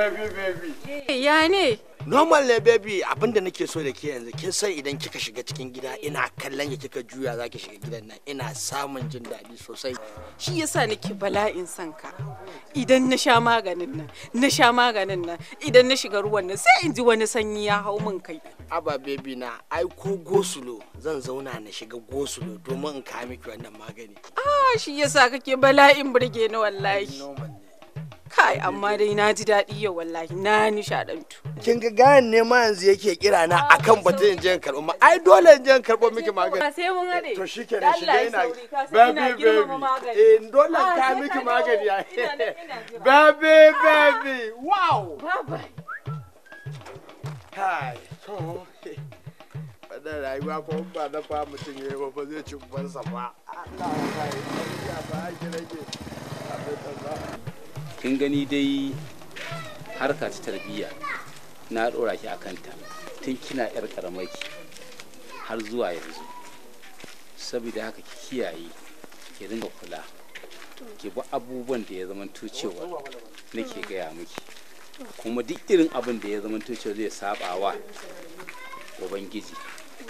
baby baby ya ne normal ne baby abinda nake so da ke yanzu kin san idan kika shiga cikin gida ina kallon ya kika juya zaki shiga gidan nan ina samun jin daɗi sosai shi yasa nake bala'in son ka idan na sha maganin nan na sha maganin nan idan na shiga ruwan nan sai in ji wani sanyi ya hau min kai aba baby na ai ko gosulo zan zauna na shiga gosulo domin in kawo miki wannan magani ah shi yasa kake bala'in burge ni wallahi kai amma dai na ji daɗi yau wallahi na nishaɗantu. kin ga gayan ne ma yanzu yake kira na ah, akan batun jin karɓo ma ai dole jin karɓo miki magani sai mun hade to shikenan shi dai ina baby baby eh dole ah, ka miki magani ya baby ah. baby wow kai to wannan rayuwa ko ba na fa mutum yayi ba ba zai ci ban sa ba Allah ya kai, ya ba ake rage abin da za kin gani dai harka ta tarbiyya na ɗora ki a kanta tun kina yar ƙaramaki har zuwa yanzu saboda haka ki kiyaye ki ringa kula ki bi abubuwan da ya zamanto cewa nake gaya miki kuma duk irin abin da ya zama cewa zai sabawa ubangiji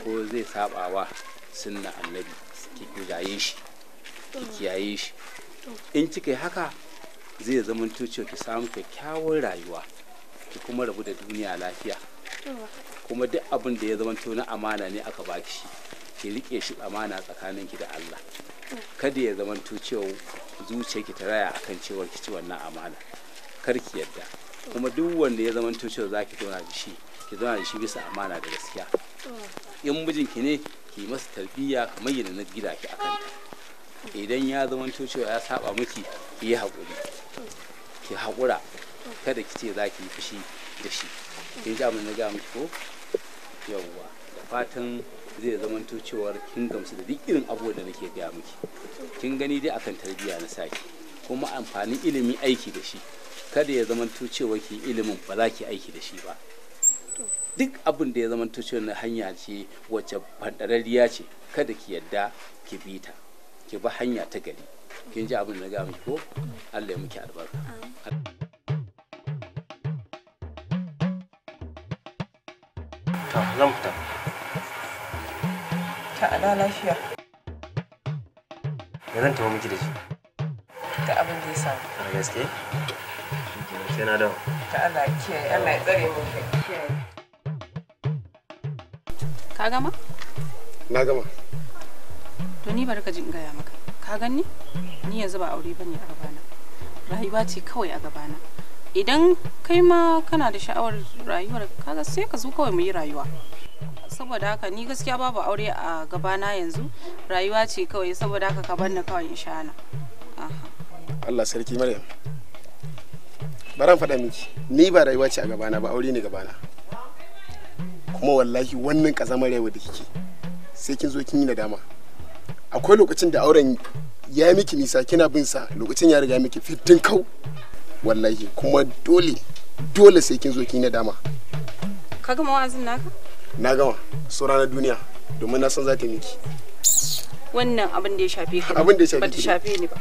ko zai sabawa sunna annabi ki kiyaye shi ki kiyaye shi in kika yi haka zai zama cewa ki samu kyakkyawar rayuwa ki kuma rabu da duniya lafiya kuma duk abin da ya zama na amana ne aka baki shi ki rike shi amana tsakanin ki da Allah kada ya zama cewa zuciya ki ta raya akan cewa ki ci wannan amana kar ki yadda kuma duk wanda ya zama cewa zaki zauna da shi ki zauna da shi bisa amana da gaskiya in mijinki ne ki masa tarbiyya kamar yadda na gida ki akan idan ya zama cewa ya saba miki ki yi haƙuri ki haƙura kada ki ce za ki yi fushi da shi kin ja abin ga miki ko yawwa da fatan zai zamanto cewar kin gamsu da duk irin abubuwan da nake gaya miki kin gani dai akan tarbiyya na saki kuma amfanin ilimi aiki da shi kada ya zamanto cewa ki ilimin ba za ki aiki da shi ba duk abin da ya zamanto cewa na hanya ce wacce fadarariya ce kada ki yadda ki bi ta ki bi hanya ta gari kin ji abin da ga mu ko Allah ya miki albarka ta nan ta ta ala lafiya me zan tawo miki da shi ta abin da ya samu a gaske sai na dawo ta Allah kiyaye Allah ya tsare mu kiyaye ka gama na gama to ni bari ka jin gaya maka ka ganni ni yanzu ba aure bane a gabana rayuwa ce kawai a gabana idan kai ma kana da sha'awar rayuwar kaga sai ka zo kawai mu yi rayuwa saboda haka ni gaskiya babu aure a gabana yanzu rayuwa ce kawai saboda haka ka bar ni kawai in shana Allah sarki Maryam baran faɗa miki ni ba rayuwa ce a gabana ba aure ne gabana kuma wallahi wannan kazamar yawa da kike sai kin zo kin yi nadama akwai lokacin da auren ya yi miki nisa kina bin sa lokacin ya riga miki fitin kau wallahi kuma dole dole sai kin zo kin nadama ka gama wa'azin naka na gama sora na duniya domin na san za ta miki wannan abin da ya shafe ka abin da ya shafe ni ba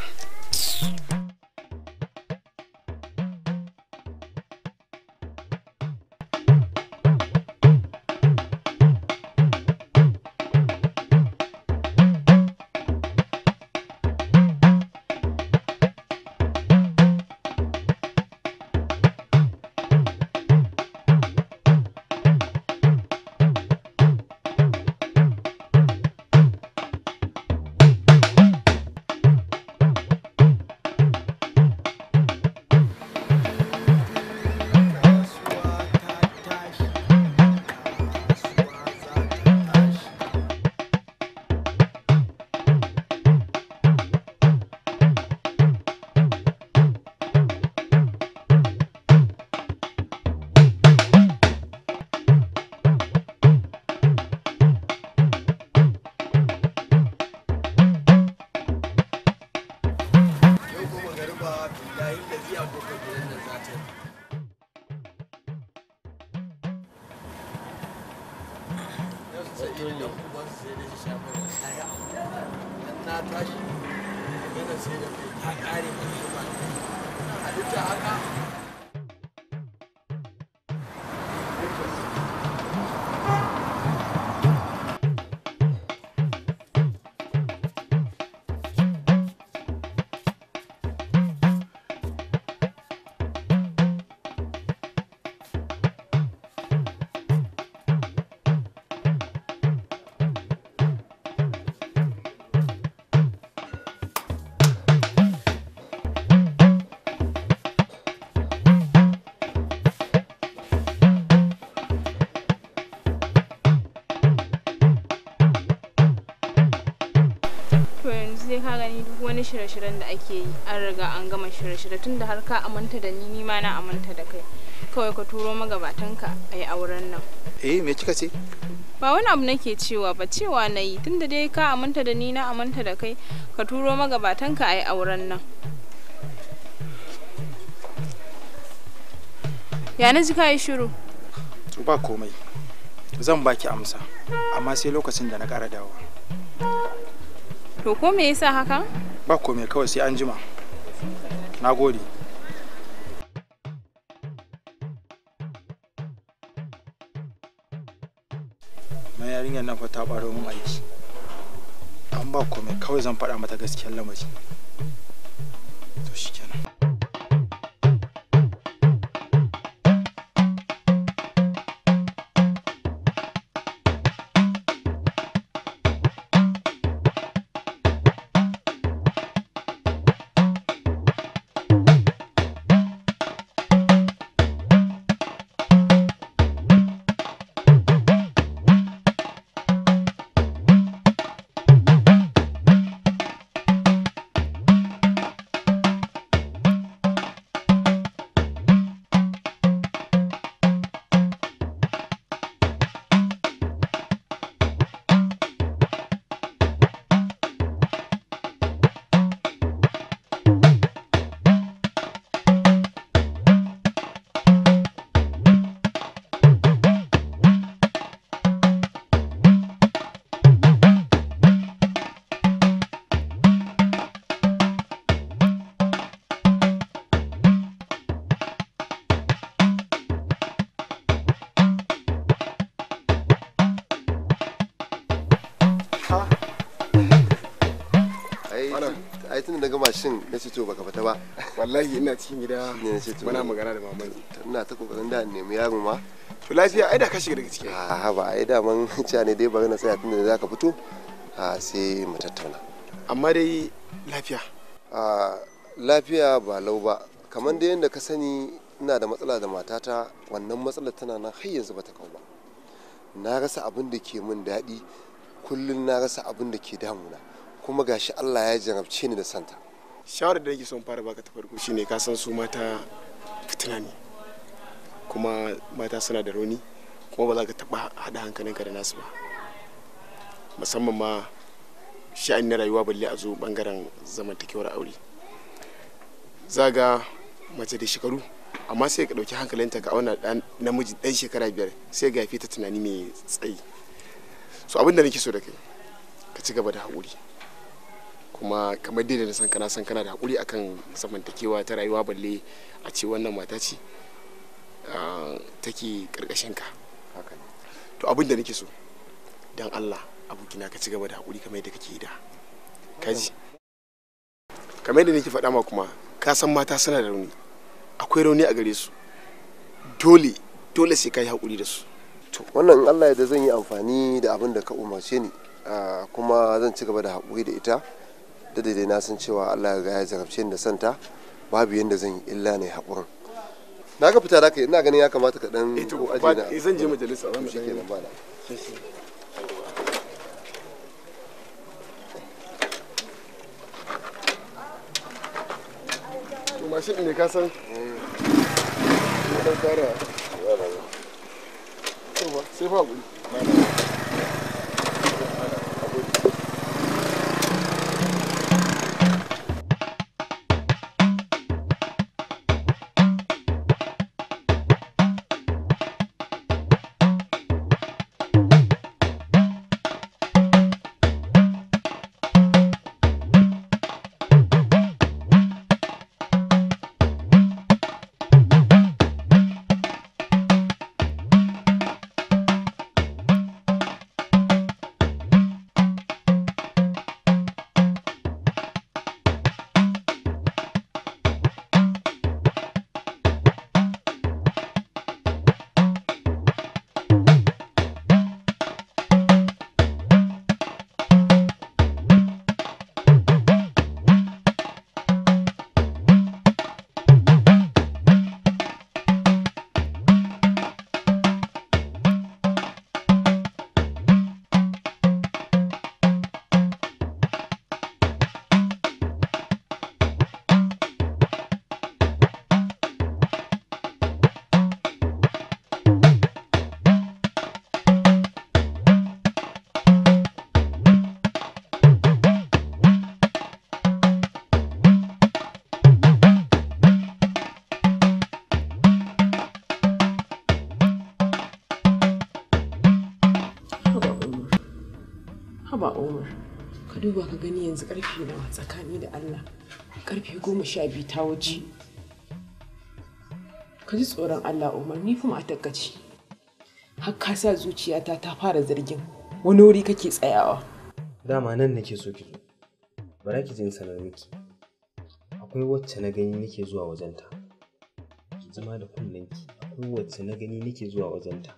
na tashi magana sai da kai ta ƙare halitta haka duk wani shirye-shiryen da ake yi an riga an gama shirye-shirye tun da har ka aminta da ni ni ma na aminta da kai kawai ka turo magabatanka a yi auren nan eh me kika ce ba wani abu nake cewa ba cewa na yi tun da dai ka aminta da ni na aminta da kai ka turo magabatanka a yi auren nan ya na ji ka yi shiru ba komai zan baki amsa amma sai lokacin da na ƙara dawowa To ko me yasa haka? ba komai kawai sai an jima na gode mai yarinyar nan fa ta ɓaro min aiki an ba komai kawai zan faɗa mata gaskiyar lamari na ce to baka fita ba wallahi ina cikin gida muna magana da maman ina ta kokarin da nemi yaro ma to lafiya ai da ka shiga daga ciki a ba ai da man cewa ne dai bari na tsaya tunda zaka fito a sai mu tattauna amma dai lafiya a lafiya ba lau ba kamar da yadda ka sani ina da matsala da matata wannan matsalar tana nan har yanzu ta kau ba na rasa abin da ke min daɗi kullum na rasa abin da ke damuna kuma gashi Allah ya jarabce ni da santa shawarar da nake son fara baka ta farko shine ka san su mata fitina ne kuma mata suna da rauni kuma ba za ka taba hada hankalin ka da nasu ba musamman ma sha'ani na rayuwa balle a zo bangaren zamantakewar aure za ga mace da shekaru amma sai ka ɗauki ta ka auna namiji ɗan shekara biyar sai ga fita tunani mai tsayi so abin da nake so da kai ka ci gaba da haƙuri kuma kamar dai da na san kana san kana da hakuri akan samantakewa ta rayuwa balle a ce wannan mata ce take karkashin ka to abin da nake so dan Allah abokina ka ci gaba da hakuri kamar yadda kake da kaji kamar yadda nake faɗa ma kuma ka san mata suna da rauni akwai rauni a gare su dole dole sai ka yi hakuri da su to wannan Allah ya da zan yi amfani da abin da ka umarce ni kuma zan ci gaba da hakuri da ita da daidai na san cewa Allah ya ya zarafce ni da santa babu yanda zan yi illa ne haƙurin na ga fita da kai ina ganin ya kamata ka dan eh aje na eh, gani yanzu karfe nawa tsakani da Allah karfe goma sha biyu ta wuce ka ji tsoron Allah Umar ni kuma a ce har ka sa zuciyata ta fara zargin wani wuri kake tsayawa dama nan nake so ki zo bara ki je in miki akwai wacce na gani nake zuwa wajenta ki zama da kunnenki akwai wacce na gani nake zuwa wajenta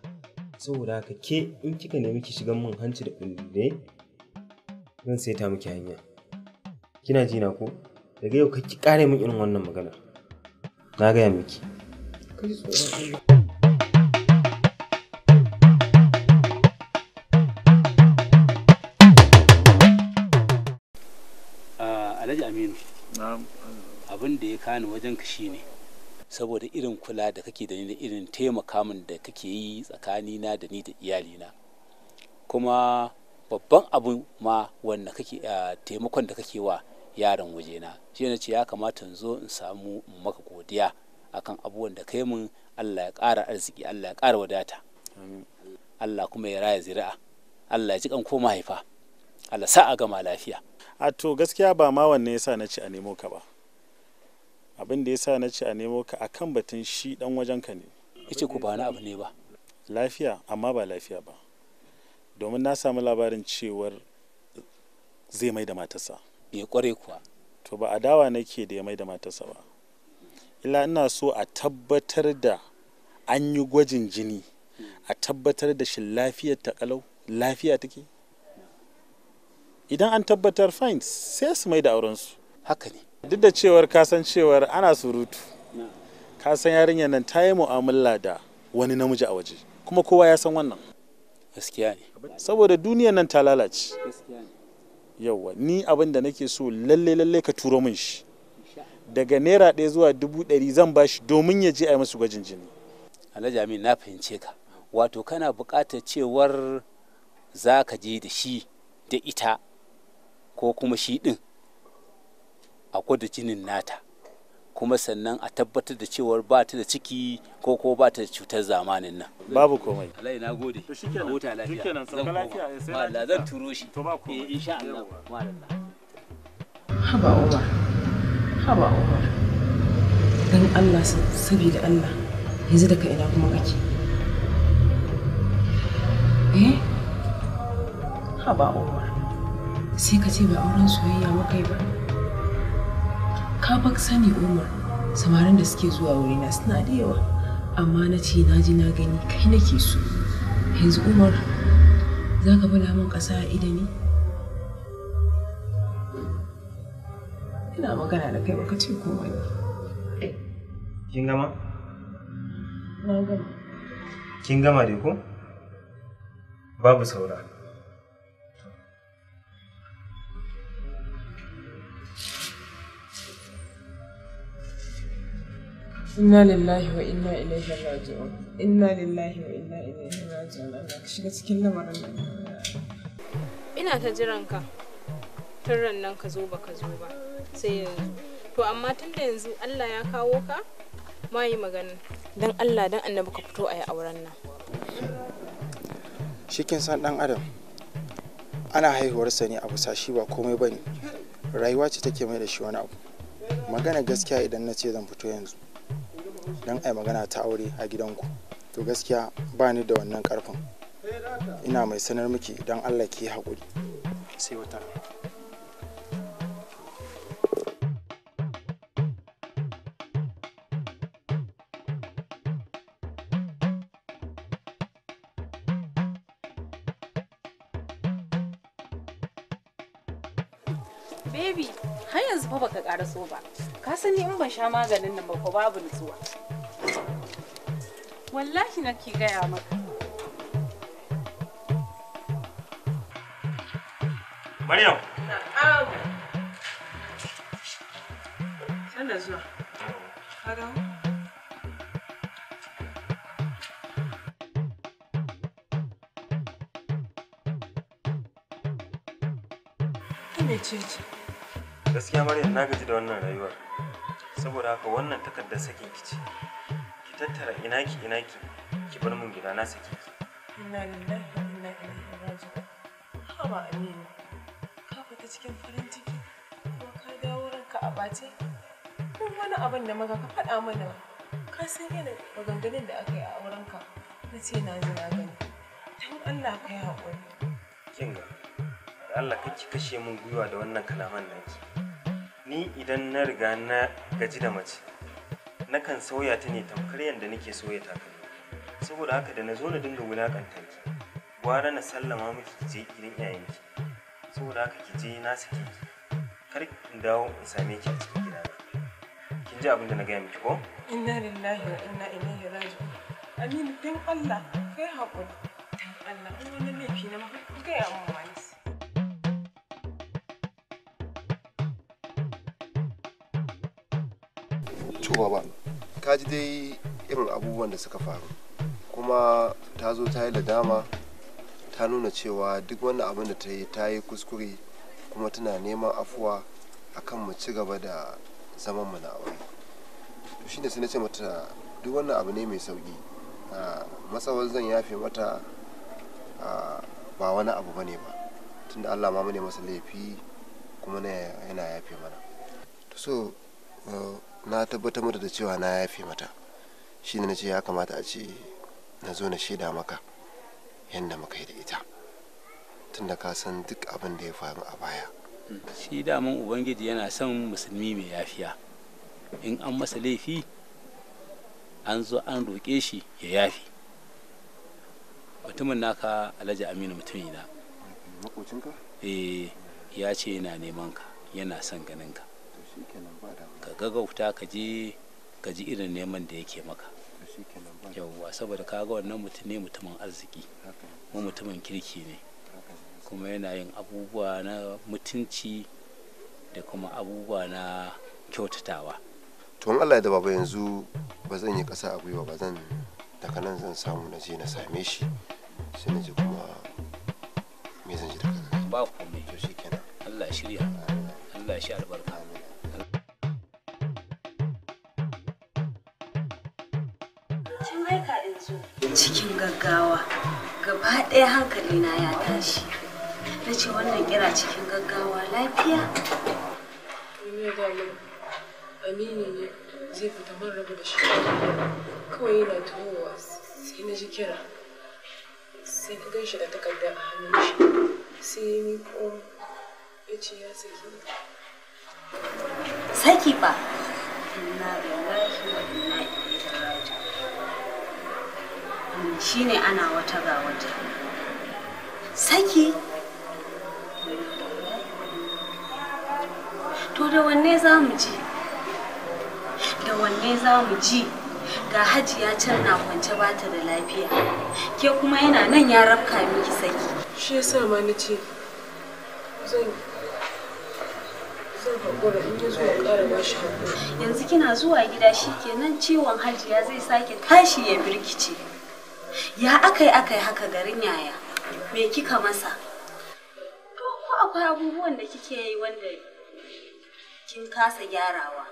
saboda haka ke in kika nemi ki shigan min hanci da kulle zan ta miki hanya kina jina ko daga yau ki kare min irin wannan magana na gaya miki ah, Alhaji Aminu abin da ya kani wajen ka ne saboda irin kula da kake da ni da irin taimaka min da kake yi tsakanina da ni da iyalina kuma babban abu ma wanda kake taimakon da kake wa yaron na shi ne ce ya kamata in zo in samu maka godiya akan abubuwan da kai mun Allah ya ƙara arziki Allah ya ƙara wadata Allah kuma ya raya zira'a Allah ya ji kan koma haifa Allah sa a gama lafiya a to gaskiya ba ma wanne yasa na ci a nemo ka ba abin da yasa na ci a nemo ka akan batun shi dan wajen ka ne yace ku ba na abu ne ba lafiya amma ba lafiya ba domin na samu labarin cewar zai mai da matasa. ya kware kuwa to ba a adawa nake da ya mai da matasa ba ila ina so a tabbatar da an yi gwajin jini a tabbatar da shi lafiyar ta kalau lafiya take idan an tabbatar fine sai su mai da aurensu haka ne duk da cewar kasan cewar ana surutu kasan yarinyar nan ta yi mu'amala da wani namiji a waje kuma kowa ya san wannan gaskiya ne saboda duniyar nan ta lalace yauwa ni abin da nake so lalle lalle ka turo min shi daga naira ɗaya zuwa dubu ɗari zan ba shi domin ya je a yi masu gwajin jini alhaji amin na fahimce ka wato kana buƙatar cewar za ka je da shi da ita ko kuma shi ɗin a gwada jinin nata kuma sannan a tabbatar da cewar ba ta da ciki ko ko ba ta da cutar zamanin nan babu komai Allah na gode to shikenan huta lafiya shikenan sauka lafiya eh, sai Allah zan turo shi to ba komai eh, insha Allah malalla haba Umar haba Umar dan Allah saboda Allah yanzu daga ina kuma kake eh haba Umar sai ka ce ba auren soyayya muka yi ba ka bak sani umar samarin da suke zuwa wurina suna da yawa amma na ce na ji na gani kai nake so yanzu umar za ka bula min ƙasa a idani ina magana da kai baka ce komai kin gama na gama kin gama dai ko babu saura inna lillahi wa inna ilaihi raji'un inna lillahi wa inna ilaihi raji'un Allah ka shiga cikin lamarin nan ina ta jiran ka tun nan ka zo ba ka zo ba sai yanzu to amma tun da yanzu Allah ya kawo ka ma yi magana dan Allah dan annabi ka fito a yi auren nan shikin san dan adam ana haihuwarsa ne a bisa shi ba komai bane rayuwa ce take mai da shi wani abu magana gaskiya idan na ce zan fito yanzu don ai magana ta aure a gidanku to gaskiya ba ni da wannan karfin ina mai sanar miki don allah ke haƙuri sai wata kuma baka ƙara so ba ka san ni in ban sha maganin nan ba ko babu nutsuwa wallahi ke gaya maka Maryam. Na'am. Sanda zuwa. Ka mecece gaskiya maryam na gaji da wannan rayuwar saboda haka wannan takardar sakin ki ce ki tattara ina ki ina ki ki bar mun gida na sake ki inna lillahi wa inna ilaihi raji'un haba aminu ka fita cikin farin ciki kuma ka dawo ranka a bace duk wani abin da maka ka faɗa mana ka san irin maganganun da aka yi a aurenka na ce na ji na gani don Allah ka yi haƙuri. ga da Allah kake kashe min gwiwa da wannan kalaman naki ni idan na riga na gaji da mace nakan sauya ta ne tamkar yadda nake soya kai saboda haka da na zo na dinga wulakanta ki gwara na sallama miki ki je yayin ki saboda haka ki je na sake ki kar in dawo in same ki a cikin gida kin ji abin da na gaya miki ko inna lillahi wa inna ilaihi raji'un aminu don Allah kai haƙuri Allah wani laifi na mahaifi kai amma abubuwa ba ka ji dai irin abubuwan da suka faru kuma ta zo ta yi dama ta nuna cewa duk wani abin da ta yi ta yi kuskure kuma tana neman afuwa akan mu ci gaba da zaman mu na aure to shine sai na ce mata duk wannan abu ne mai sauki matsawar zan yafe mata ba wani abu bane ba tunda Allah ma mune masa laifi kuma yana yafe mana to so uh, na tabbatar mata da cewa na yafe mata shi ne na ce ya kamata a ce na zo na shaida maka yadda muka yi da ita tunda ka san duk abin da ya faru a baya shi daman ubangiji yana son musulmi mai yafiya in an masa laifi an zo an roƙe shi ya yafi mutumin naka alhaji aminu mutumi na eh, ya ce yana neman ka yana son ganin ka gaggauta ka je ka ji irin neman da yake maka yauwa saboda kaga wannan mutum ne mutumin arziki kuma mutumin kirki ne kuma yana yin abubuwa na mutunci da kuma abubuwa na kyautatawa tun allah da baba yanzu ba zan yi ƙasa a gwiwa ba zan daga nan zan samu na je na same shi sai na ji kuma me zan ji daga nan ba komai shi kenan allah shirya allah shi albarka gaggawa gaba ɗaya na ya tashi na ce wannan kira cikin gaggawa lafiya aminu ne zai fita man rabu da shi kawai yana tuhowa sai na ji kira sai ka gan shi da takarda a hannun shi sai ya miƙo ya ce ya saki saki ba inna lillahi wa na iya raji'un shine ana wata ga wata saki to da wanne za mu ji da wanne za mu ji ga hajiya can na kwance ba ta da lafiya ke kuma yana nan ya rabka miki saki shi yasa ma na ce zan yanzu kina zuwa gida shikenan ciwon hajiya zai sake tashi ya birkice ya aka yi aka haka garin yaya me kika masa to ko akwai abubuwan da kike yi wanda kin kasa gyarawa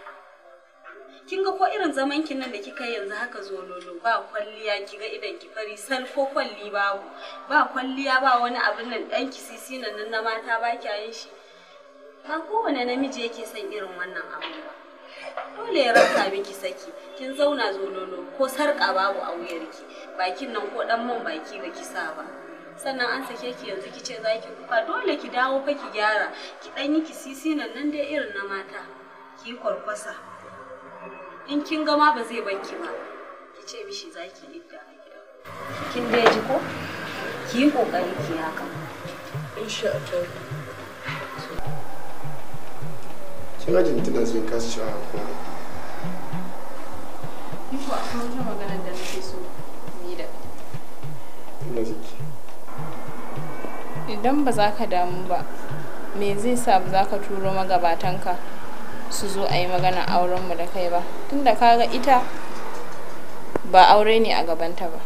kin ga ko irin zaman kin nan da kika yanzu haka lolo ba kwalliya kiga idan ki fari sal ko kwalli babu ba kwalliya ba wani abin nan dan ki sisi nan na mata ba kya yin shi ba kowane namiji yake son irin wannan abu dole ya rasa miki saki kin zauna zonono ko sarƙa babu a wuyarki bakin nan ko ɗan man baki ki sa ba sannan an sake ki yanzu kice za ki kuka dole ki dawo fa ki gyara ki ɗan yi ki sisi nan nan dai irin na mata ki kwarkwasa in kin gama ba zai banki ba ki ce mishi za ki idda a gida kin dai ji ko ki yi kokari ki haka insha Allah kin ajin tana zai kasa shawara Iko akwai wata magana da nake so ni da Idan ba za ka damu ba, me zai sa ba za ka turo magabatanka su zo a yi magana aurenmu da kai ba, tun da kaga ita ba aure ne a gabanta ba.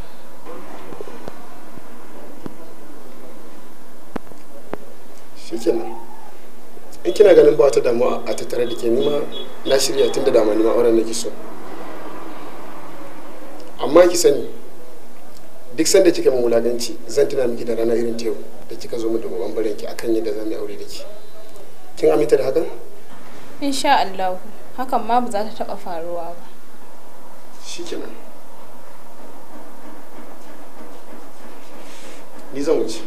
shikenan in kina ganin ba wata damuwa a tattare da ke nima na shirya tun da dama nima auren nake so amma ki sani duk sanda kika min wulaganci zan tuna miki da rana irin teku da kika zo mu da bangaren ki akan yadda zan yi aure da ki kin aminta da hakan insha Allah hakan ma ba za ta taba faruwa ba shikenan ni zan wuce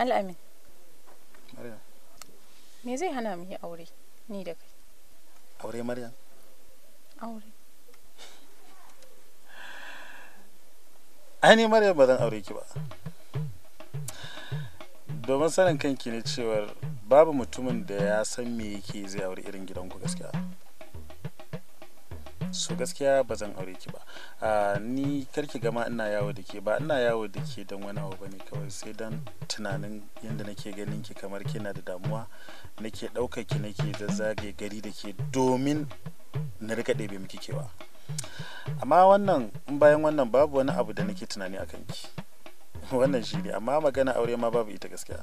Al'amin. Maryam. Me zai hana mu yi aure ni da kai? Aure Maryam? Aure. Ai Maryam ba zan aure ki ba. Domin sanin kanki ne cewar babu mutumin da ya san me yake zai aure irin gidanku gaskiya. so gaskiya ba zan aure ki ba ni karki gama ina yawo da ke ba ina yawo da ke don wani abu bane kawai sai don tunanin yadda nake ganin ki kamar kina da damuwa nake ɗaukar ki nake zazzage gari da ke domin na rika ɗebe miki kewa amma wannan bayan wannan babu wani abu da nake tunani a kanki wannan shi ne amma magana aure ma babu ita gaskiya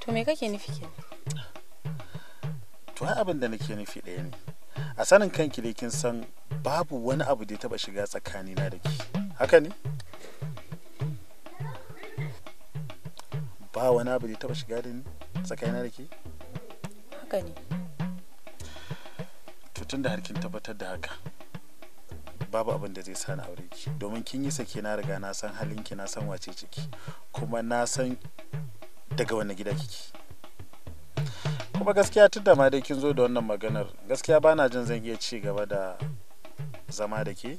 to me kake nufi kenan to abin da nake nufi ɗaya ne a sanin kanki da kin san babu wani abu da ya taba shiga tsakani na da ke haka ne ba wani abu da ya taba shiga da ni na da ke haka ne to tun da harkin tabbatar da haka babu abin da zai sa aure ki domin kin yi sake na riga na san halinki na san wace ciki kuma na san daga wani gida kike kuma gaskiya tun da ma dai kin zo da wannan maganar gaskiya bana jin zan iya ci gaba da zama da ke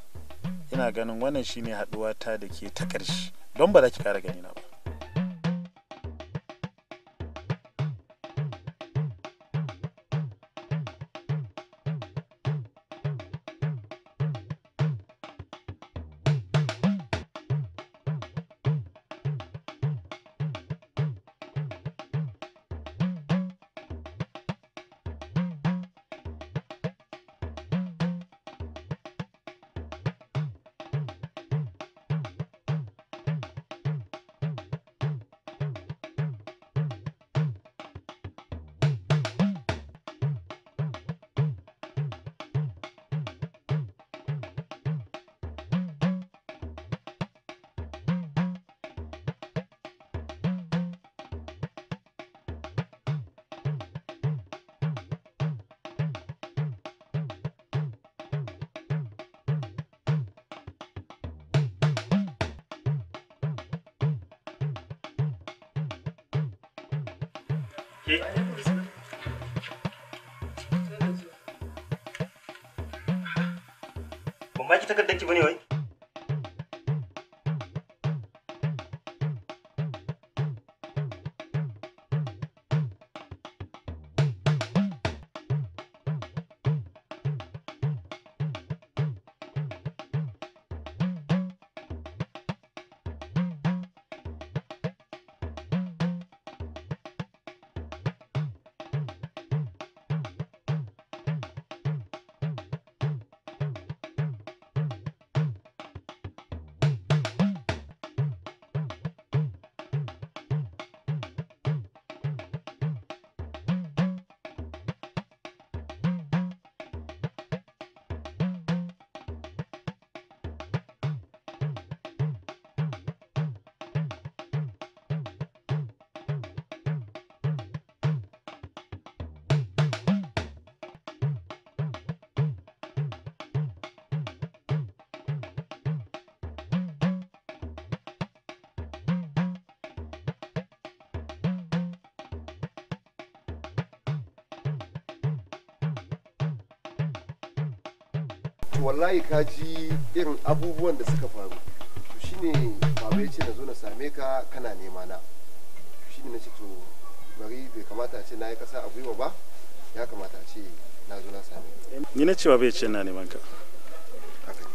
ina ganin wannan shine haduwa ta da ke ta ƙarshe don ba za ki ƙara na ba ci sa kër denc bu ñëwee to wallahi ka ji irin abubuwan da suka faru to shine baba ya ce na zo na same ka kana nema na shine na ce to bari bai kamata a ce na yi kasa a gwiwa ba ya kamata a ce na zo na same ni na ce bai ce na neman ka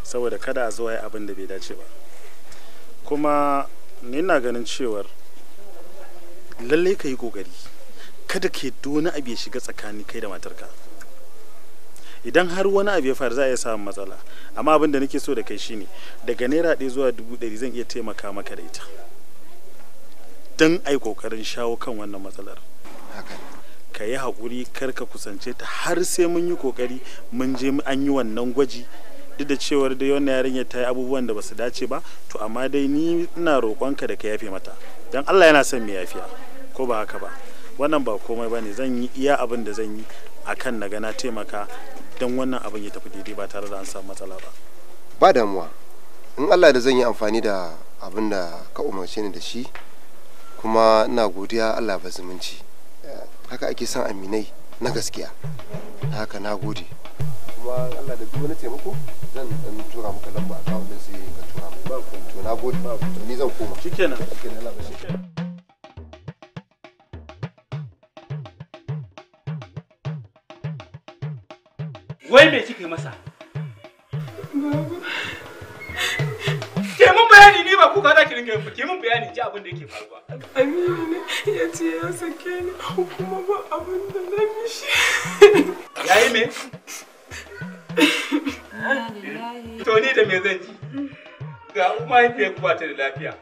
saboda kada a zo ya abin da bai dace ba kuma ni na ganin cewar lallai ka yi kokari kada ke dona abu ya shiga tsakani kai da matarka idan har wani abu ya faru za a iya samun matsala amma abin da nake so da kai shine daga naira ɗaya zuwa dubu ɗari zan iya taimaka maka da ita don ai kokarin shawo kan wannan matsalar ka yi haƙuri kar ka kusance ta har sai mun yi kokari mun je an yi wannan gwaji duk da cewar dai wannan yarinya ta yi abubuwan da ba su dace ba to amma dai ni ina roƙonka da ka yafe mata don allah yana son mai yafiya ko ba haka ba wannan ba komai ba ne zan yi iya abin da zan yi akan na gana taimaka don wannan abin ya tafi daidai ba tare da an samu matsala ba ba damuwa in allah da zan yi amfani da abin da ka umarce ni da shi kuma na godiya allah ba zumunci haka ake son aminai na gaskiya haka na gode kuma allah da duk wani taimako zan dan tura muka lamba a kawunan sai ka tura mu to na gode ni zan koma shikenan shikenan Wai me kika masa? Ke mun bayani ni ba kuka za ki ringa yin ke mun bayani ji abin da yake faruwa. Aminu ne ya ce ya sake ni kuma ba abin da na mishi. Yayi me? To ni da me zan ji? Ga mahaifiyar kuwa ta da lafiya.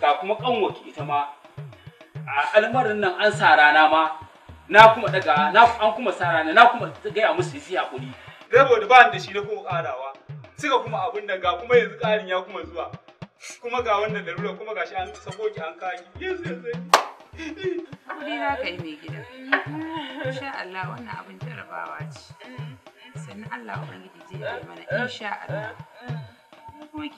Ga kuma kanwaki ita ma a almarin nan an sa rana ma na kuma daga na an kuma sa rana na kuma gaya musu siya yi hakuri saboda ba da shi na kuma karawa suka kuma abin da ga kuma yanzu karin ya kuma zuwa kuma ga wannan kuma gashi an sako ki an ka yi mai gida. Insha Allah yi mana insha Allah. Kuma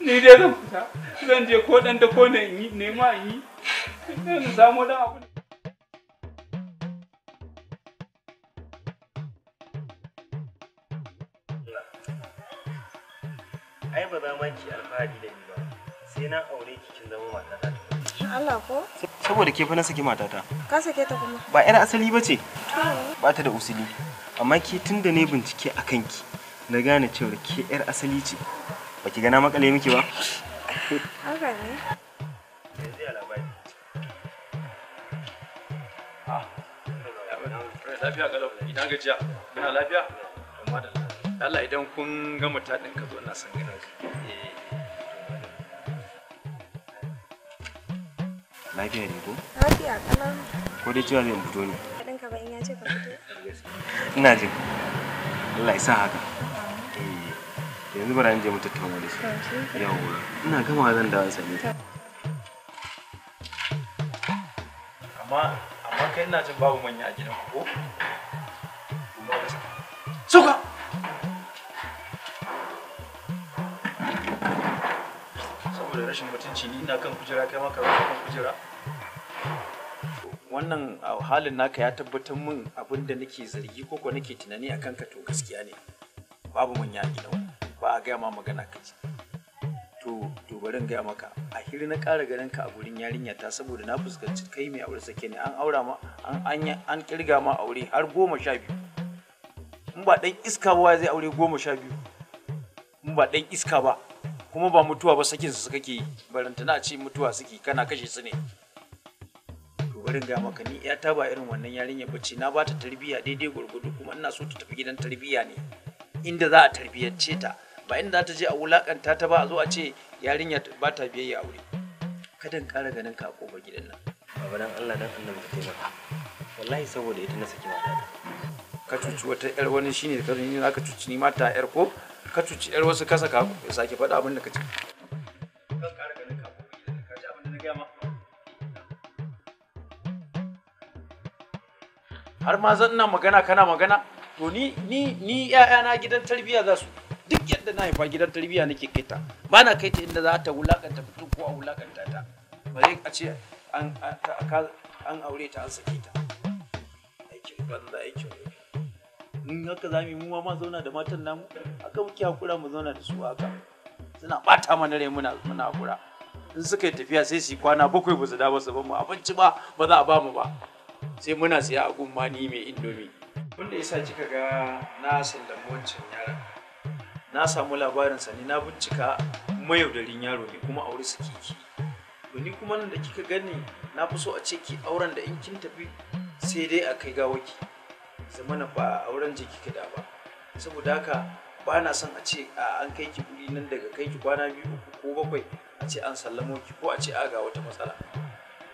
dai zan fita. Zan je ko dan da ko ne yi. Zan samu dan abin. ba za ki alfahari da ni ba sai na aure ki kin zama matata Allah ko saboda ke fa na saki matata ka sake ta kuma ba ina asali bace ba ta da usuli amma ke tunda ne bincike a kanki na gane cewa ke yar asali ce ba ki gana makale miki ba haka ne yanzu ya labari ah lafiya kalau ina gajiya ina lafiya amma da Allah idan kun gama taɗin ka zo na san ganin ka. Eh. Lafiya ne ko? Lafiya kalan. Ko dai cewa zai fito ne? Kaɗin ka ba in ya ce ka fito. Ina jin. Allah ya sa haka. Eh, yanzu bari an je mu tattauna da shi. Yawwa. Ina gama zan dawo sani. Amma amma kai ina jin babu manya a gidan ku ko? Kuma ba saboda rashin mutunci ni ina kan kujera kai ma ka kan kujera wannan halin naka ya tabbatar min abin da nake zargi ko ko nake tunani a kanka to gaskiya ne babu manya a gidan ba a gaya ma magana ka ci. to to bari in gaya maka a hiri na ƙara ganin ka a gurin yarinya ta saboda na fuskanci kai mai aure sake ne an aura ma an an kirga ma aure har goma sha biyu in ba dan iska ba zai aure goma sha biyu in ba dan iska ba kuma ba mutuwa ba sakin su ke yi barantana ce mutuwa suke kana kashe su ne to bari ga maka ni ta irin wannan yarinya bace na ba ta tarbiyya daidai gurgudu kuma ina so ta tafi gidan tarbiyya ne inda za a tarbiyyance ta ba inda za ta je a wulakanta ta ba a zo a ce yarinya ba ta biyayya aure kadan kara ganin ka a kofar gidan nan baba dan Allah dan Allah ka taimaka wallahi saboda ita na saki mata ka cuci wata yar wani shine ka zo ni zaka cuci ni mata yar ko ka cuci yar wasu ka saka ya sake faɗa abin da ka ce har ma zan na magana kana magana to ni ni ni ƴaƴana gidan tarbiyya za su duk yadda na haifa gidan tarbiyya nake kaita ba na kaita inda za ta wulakanta fito ko a wulakanta ta ba zai a ce an aure ta an sake ta aikin banza aikin in haka za mu ma ma zauna da matan namu haka muke hakura mu zauna da su haka suna bata mana rai muna muna hakura in suka yi tafiya sai su kwana bakwai ba su dawo su mu abinci ba ba za a ba mu ba sai muna siya a gumma ni mai indomi wanda yasa kika ga na sallamu wancan yaron na samu labarin sa ne na bincika mayaudarin yaro ne kuma aure suke ki ni kuma nan da kika gani na fi so a ce ki auren da in kin tafi sai dai a kai gawaki zamana ba auren jiki kada ba saboda haka ba na son a ce an kai ki wuri nan daga kai ki kwana biyu ko bakwai a ce an sallamo ki ko a ce a ga wata matsala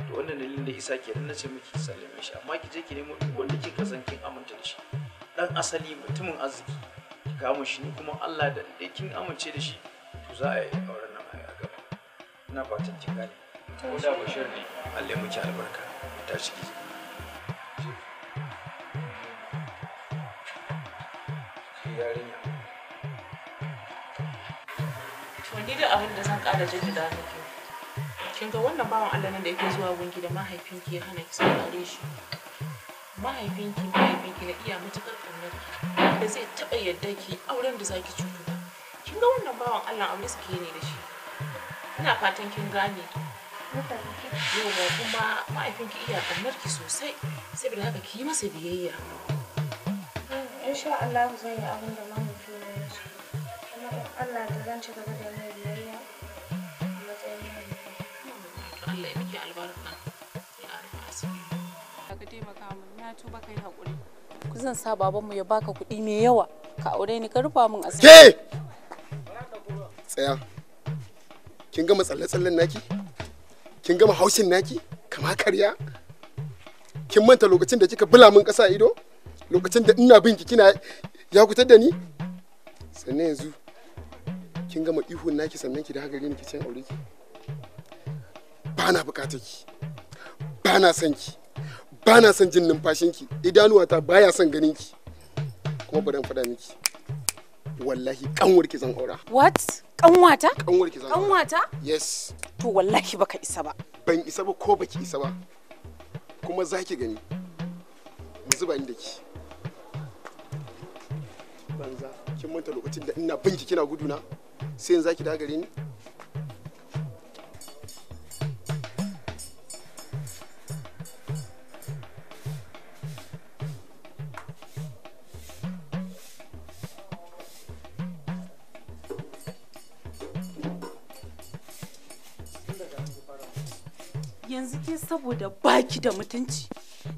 to wannan dalilin da isa ke na ce miki sallame shi amma ki je ki nemo duk wanda kika san kin aminta da shi dan asali mutumin arziki ki kama shi ne kuma Allah da da kin amince da shi to za a yi auren nan a gaba ina fatan kin gane ko da bashir ne Allah ya miki albarka ta shi yarinya to ni dai abin da zan kara jaddada miki kin ga wannan bawan Allah nan da yake zuwa gunki da mahaifinki ya hana ki saurare shi mahaifinki mahaifinki na iya matukar ƙaunar ki? da zai taɓa yarda ki auren da zaki cutu ba kin ga wannan bawan Allah aure suke ne da shi ina fatan kin gane yau kuma mahaifinki iya ƙaunar ki sosai saboda haka ki yi masa biyayya insha Allah zan yi abin da mamu fi ya ce kuma in Allah da zan ci gaba da mai biyayya a matsayin mai Allah ya miki albarka ya asiri ka taimaka min na tuba kai hakuri ku zan sa babanmu ya baka kuɗi mai yawa ka aure ni ka rufa min asiri tsaya kin gama tsalle-tsallen naki kin gama haushin naki kama karya kin manta lokacin da kika bula min ƙasa ido lokacin da ina bin ki kina ya kutar da ni sannan yanzu kin gama ihun naki sannan ki da haka gani ki can aure ki ba na bukatar ki ba na son ki ba na son jin numfashin ki Idanuwa ta baya son ganin ki kuma bari faɗa miki wallahi kanwar ki zan aura what kanwata kanwar ki zan kanwata yes to wallahi baka isa ba ban isa ba ko baki isa ba kuma zaki gani mu zuba inda ki banza kin manta lokacin kina guduna sai yanzu zaki yanzu ke saboda baki da mutunci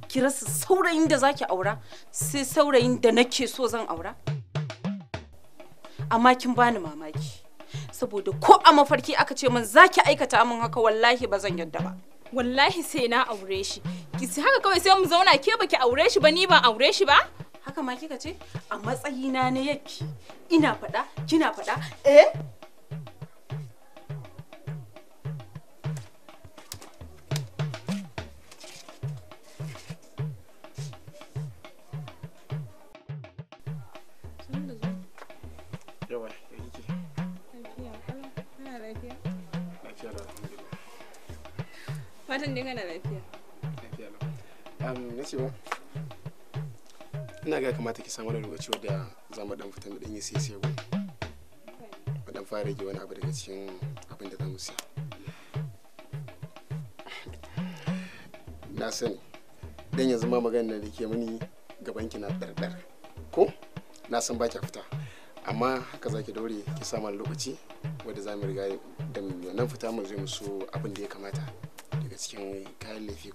ki rasa saurayin da zaki aura sai saurayin da nake so zan aura amma kin bani mamaki saboda ko a mafarki aka ce min zaki aikata min haka wallahi ba zan yadda ba wallahi sai na aure shi ki haka kawai sai mu zauna ke baki aure shi ba ni ban aure shi ba haka ma kika ce a matsayina na yaki ina faɗa kina faɗa eh Fatan dai kana lafiya. Lafiya lau. Um, na ce ba. Ina ga kamata ki samu wani lokaci wadda za mu dan fita mu dan yi sese ko. Mu dan fara rage wani abu daga cikin abin da za mu siya. Na sani. Dan yanzu ma maganar da ke mini gaban ki na dardar. Ko? Na san ba ki fita. amma haka za ki daure ki samu lokaci wadda za mu riga da mu nan fita mu je mu so abin da ya kamata question cikin les laifi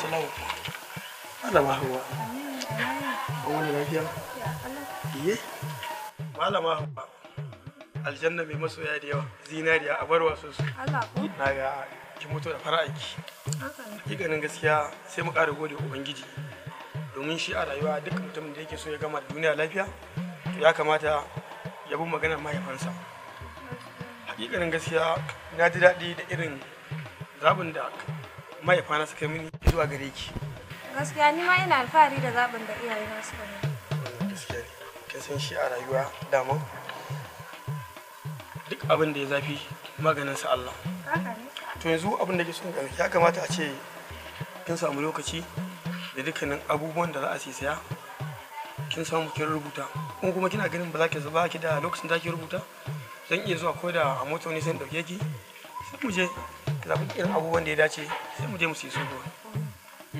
masu laifi malama hawa an wani lafiya iye malama aljanna mai masoya da yawa zinariya a barwa sosai na ga ki mutu da fara'aki hakikanin gaskiya sai mu ƙara gode ubangiji domin shi a rayuwa duk mutumin da yake so ya gama da duniya lafiya to ya kamata ya bi maganar mahaifansa hakikanin gaskiya na ji daɗi da irin zaɓin da mahaifana suka mini zuwa gare ki gaskiya ni ma ina alfahari da zaɓin da iyaye na suka yi gaskiya ka san shi a rayuwa daman duk abin da ya zafi maganin sa Allah to yanzu abin da ke son ga ya kamata a ce kin samu lokaci da dukkanin abubuwan da za a sai saya kin samu kin rubuta kun kuma kina ganin ba za ki ba ki da lokacin da ki rubuta zan iya zuwa ko da a mota ne sai dauke ki sai mu je ki zaɓi irin abubuwan da ya dace sai mu je mu siya su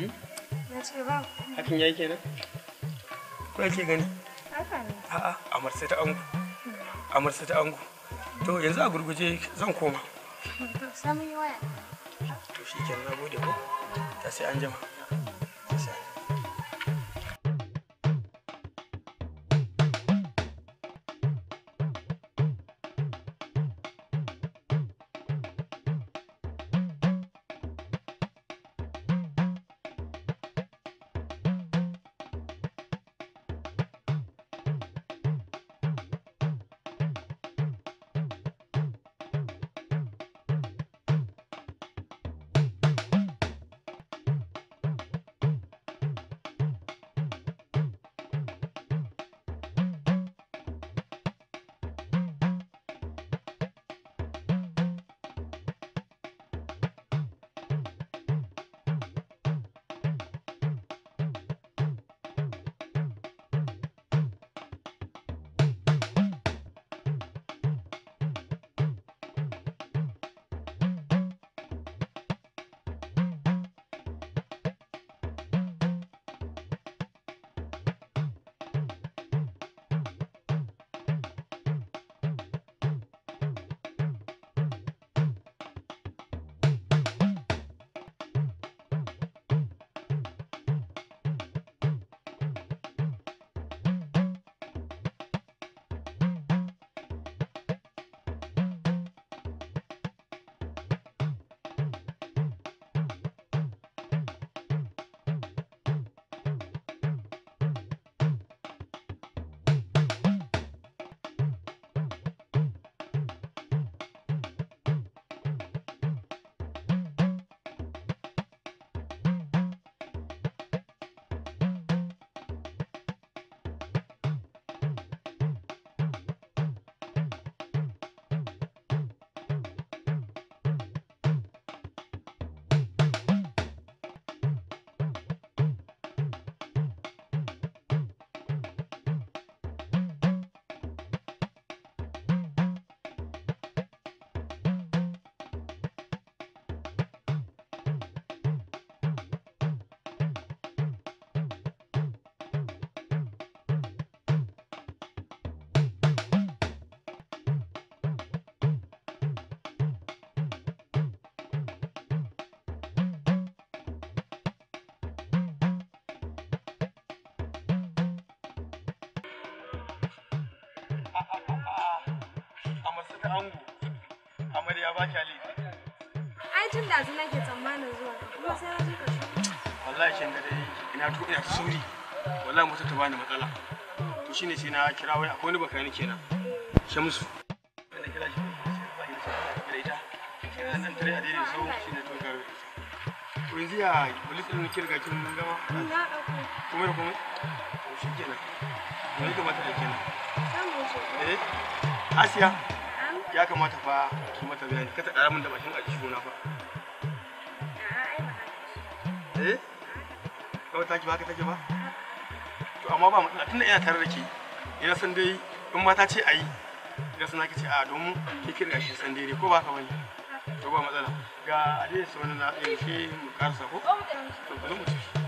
Na ce ba. Hakan yayi kenan? Ko yake gani? Haka ne. A'a, amar ta angu. Amar ta angu. To yanzu a gurguje zan koma. Sai mun yi waya. To shi kenan na gode ko? Ta sai an jama'a ta ango amarya ba ai tun da ke tsammanin zuwa kuma sai wajen ƙarshe wallahi shin da dai ina to ina sauri wallahi mutu ta bani matsala to shine sai na kira wai akwai wani bakani kenan shamsu ita a yanzu ya polis din nake riga kin nan gama kuma da kuma shi kenan ne ka mata da kenan eh asiya ya kamata fa ki mata bayani kata ƙara min da bakin a jishuna fa eh kawai taki ba ka ta take ba to amma ba matsala tunda ina tare da ke ina san dai in mata ce ayi ina san ki ce a domin ki kirga shi san dai ko ba ka bane to ba matsala ga adai sauran na ɗaya eh, ke mu karsa ko to bari mu tafi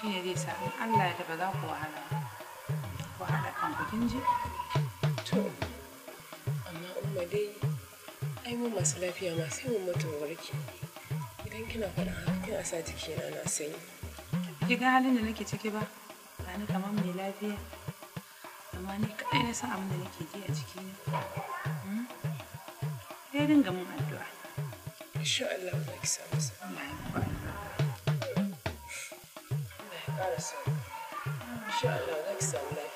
shine zai sa in Allah ya ba za ku wahala ku kan kanku kin ji to amma umma dai ai mu masu lafiya ma sai mun mutu warke idan kina faɗa haka kina sa jikina na sanyi ki ga halin da nake ciki ba ba ni kamar mai lafiya amma ni kaɗai na san abin da nake ji a cikina ya hmm? dinga mun addu'a insha Allah za ki samu sa Allah ya Inshallah, next time.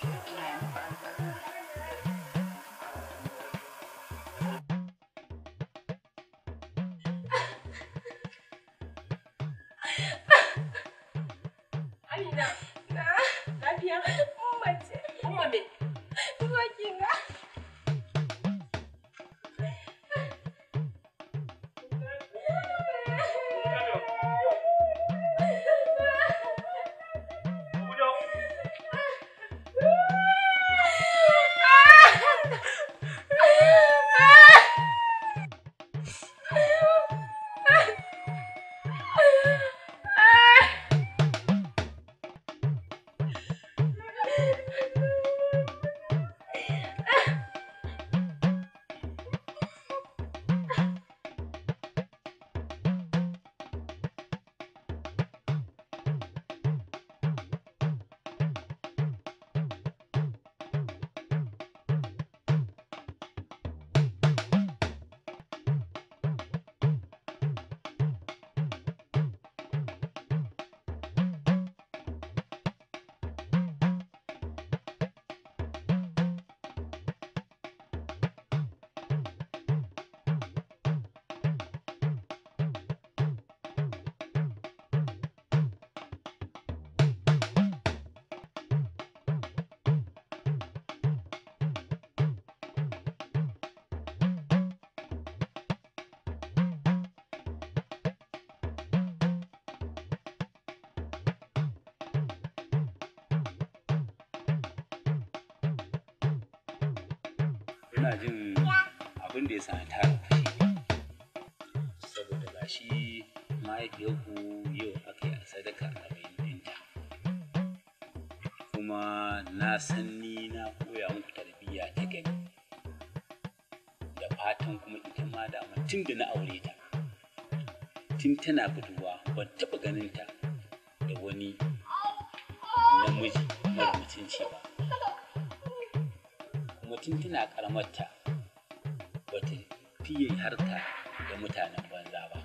Yana jin abin da ya sa ta saboda ga shi mahaifiyarku yau aka yi sadaka a bayyanta kuma na san ni na koya muku tarbiyya ta gani da fatan kuma ita ma da tun da na aure ta tun tana budurwa ban taɓa ganin ta da wani namiji mara mutunci ba Mutum tana karmarta ba ta fiye harka da mutanen banza ba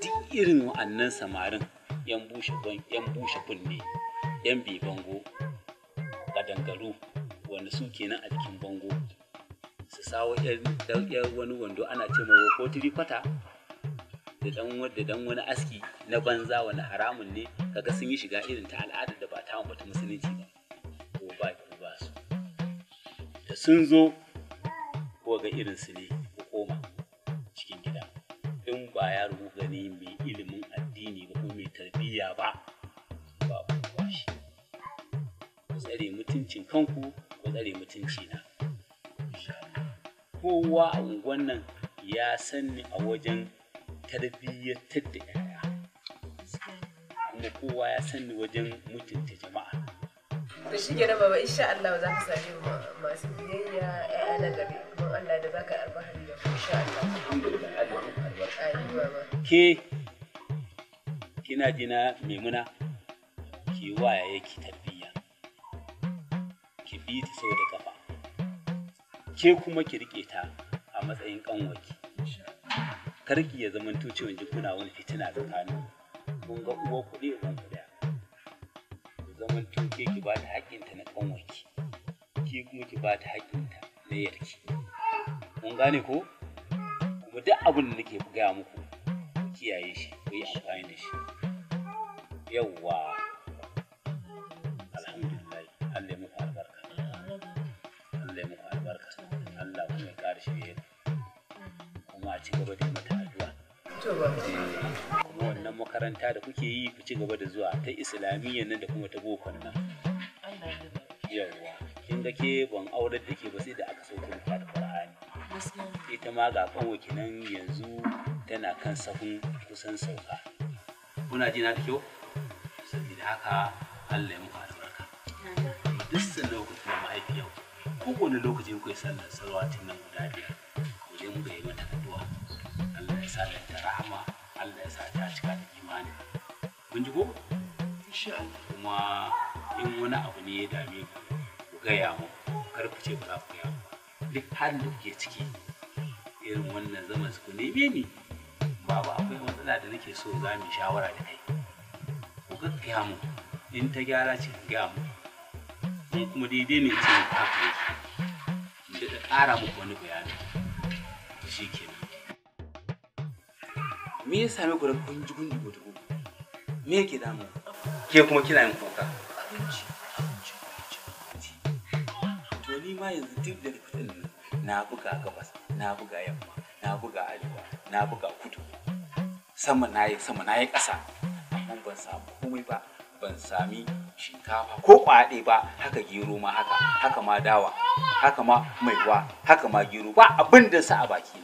duk irin wa'annan samarin yan bushe kunne yan bi bango kadangaru wanda su kenan a jikin bango su sawo yan wani wando ana ce mai ko kwata da dan wadda dan wani aski na banza wani haramun ne kaga sun yi shiga irin ta al'adar da ba ta mutu musulunci sun zo ko ga irin su ne ku koma cikin gida in ba ya ku gani mai ilimin addini ba ko mai tarbiyya ba ba ku ba shi ku tsare mutuncin kanku ku tsare mutunci na kowa a unguwan ya sani a wajen tarbiyyatar da 'ya'ya kuma kowa ya sani wajen mutunta jama'a da shi ke baba insha Allah za ka sami masu biyayya ƴaƴa na gari kuma Allah da baka alfahari da insha Allah ke kina jina maimuna ki waya yake tarbiyya ki bi ta sau da kafa ke kuma ki rike ta a matsayin kanwaki karki ya zamanto cewa jikuna wani fitina tsakanin Mun ga uwa kuɗi ban kuɗi ke ki ba ta haƙƙinta na ƙanwarki ki kuma ki ba ta haƙƙinta na yarki mun gane ko kuma duk abin da nake gaya muku kiyaye shi ku yi amfani da shi yawwa alhamdulillah Allah ya muku albarka Allah ya muku albarka Allah kuma ya ƙara shi kuma a ci gaba da mata addu'a eh. ta wannan makaranta da kuke yi ku ci gaba da zuwa ta islamiyya nan da kuma ta bokon nan yawwa kin ga ke ban aurar da ke ba sai da aka sauke sauko da qur'ani ita ma ga kanwa kinan yanzu tana kan sahun kusan sauka muna ji na da kyau saboda haka Allah ya muka albarka duk sannan ku mahaifiyar wani lokaci ku yi sallar salwatin nan guda biyar ku je muka yi mata addu'a Allah ya sa ta tara Allah ya sa ta cika da imani kun ji ko insha Allah kuma in wani abu ne ya dame ku ku gaya mu kar ku ce ba ku gaya mu duk halin da kuke ciki irin wannan zaman ku neme ni babu akwai matsala da nake so za mu shawara da kai ku gaggaya mu in ta gyara ce ku gaya mu kuma daidai ne ce haka yake da ƙara muku wani bayani shi ke me ya same ku da kunji dubu ko me yake damu ke kuma kina yin kuka to ni ma yanzu duk da fitar nan na buga gabas na buga yamma na buga arewa na buga kudu sama na yi sama na yi ƙasa amma ban samu komai ba ban sami shinkafa ko kwaɗe ba haka gero ma haka haka ma dawa haka ma maiwa haka ma gero ba abin da sa a baki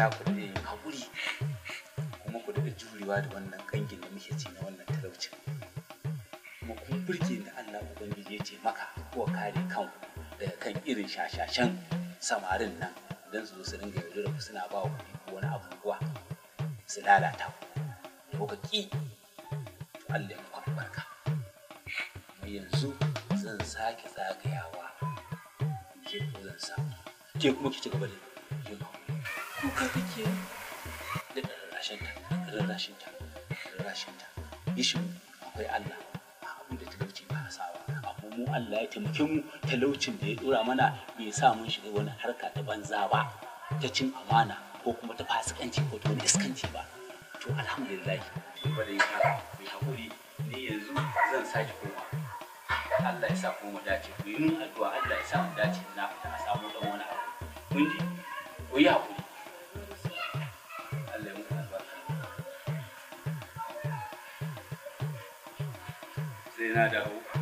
da ku da haƙuri kuma ku da jurewa da wannan kangin da muke ci na wannan talaucin kuma kun burge da Allah Ubangiji ya ce maka kuwa kare kan daga kan irin shashashan samarin nan don su zo su ringa yaudar ku suna ba ku ko wani abubuwa su lalata ku ka ƙi, to Allah ya muku barka. yanzu zan sake zagayawa ke zan samu kuma ki ci gaba da Kuka kake yi? Da rarrashinta, rarrashinta, rarrashinta. Yishin akwai Allah a abin da talauci ba a sawa. Amma mu Allah ya taimake mu talaucin da ya dora mana bai sa mun shiga wani harka ta banza ba. Ta cin amana ko kuma ta fasikanci ko ta wani iskanci ba. To alhamdulillah. Ba da yi haƙuri ni yanzu zan sake koma. Allah ya sa kuma mu dace mu yi min addu'a Allah ya sa mu dace na fita a samu ɗan wani abu Mun ji ku yi hakuri da da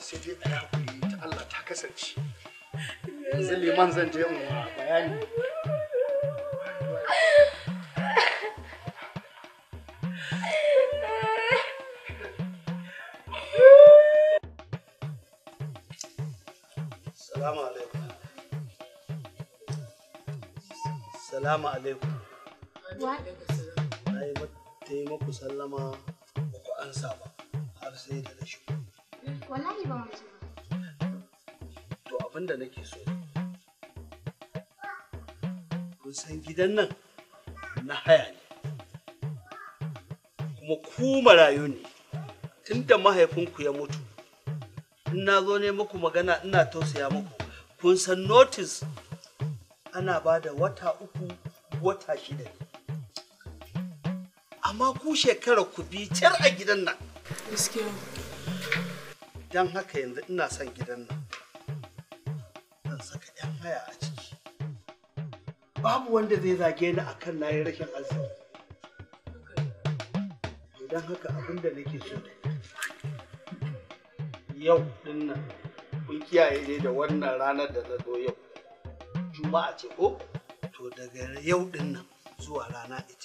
sai dai a yakuri ta Allah ta kasance yanzu liman zan je mu bayani Salamu alaikum. Salamu alaikum. Na yi muku sallama ba ku ansa ba har sai da na shigo. Wallahi ba To abin da nake so. Kun san gidan nan na haya ne. Kuma ku marayu ne. Tunda mahaifinku ya mutu. In na zo ne muku magana ina tausaya muku. Kun san notis ana ba da wata uku wata shida ne. Amma ku shekara ku bi a gidan nan. Gaskiya. don haka yanzu ina son gidan nan zan saka 'yan haya a ciki babu wanda zai zage ni akan na yi rashin arziki don haka abinda nake so da yau din nan kun kiyaye ne da wannan ranar da na zo yau juma'a ce ko to daga yau din nan zuwa rana ita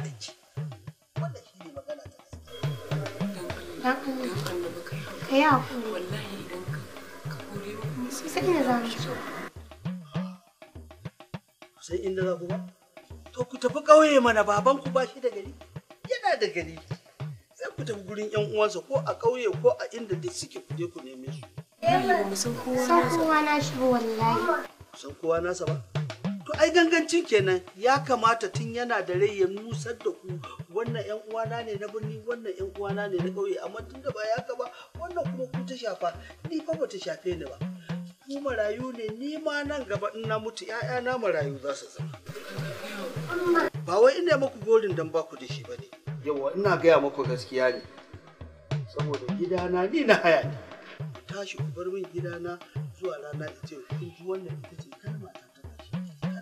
adalci wannan shi ne magana ta yi sai inda za ku ba to ku tafi ƙauye mana baban ku ba shi da gari yana da gari sai ku tafi gurin yan uwansa ko a ƙauye ko a inda duk suke ku je ku neme su san kowa na shi wallahi san kowa nasa ba ai gangancin kenan ya kamata tun yana da rai ya nusar da ku wannan yan uwana ne na birni wannan yan uwana ne na ƙauye amma tun da ba ya ba wannan kuma ku ta shafa ni fa ta shafe ni ba ku marayu ne ni ma nan gaba in na mutu na marayu za su zama ba wai ina muku gorin dan ba ku da shi bane yawa ina gaya muku gaskiya ne saboda gidana ni na haya ne tashi ku bar min gidana zuwa rana ita ku ji wannan ita ce kalmata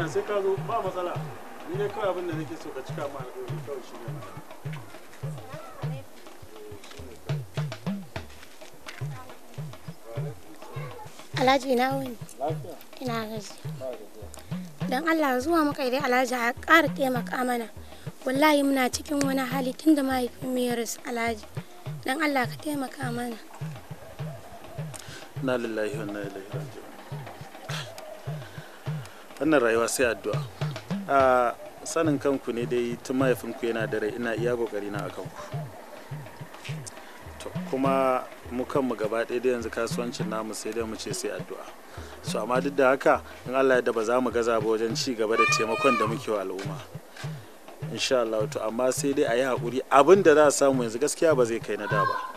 kenan sai ka zo ba matsala ni ne kawai abin da nake so ka cika ma alƙawari kawai shi ne Alhaji ina wuni. Ina gaji. Don Allah zuwa maka dai Alhaji a ƙara taimaka mana. Wallahi muna cikin wani hali tun da mahaifin mu Alhaji. Don Allah ka taimaka mana. Na lillahi wa na ilaihi wannan rayuwa sai addu'a a sanin kanku ne dai tun mahaifinku yana da rai ina iya kokari na akan ku to kuma mu kanmu gaba ɗaya da yanzu kasuwancin namu sai dai mu ce sai addu'a so amma duk da haka in Allah ya da ba za mu gaza ba wajen ci gaba da taimakon da muke wa al'umma insha Allah to amma sai dai a yi haƙuri abin da za a samu yanzu gaskiya ba zai kai na da ba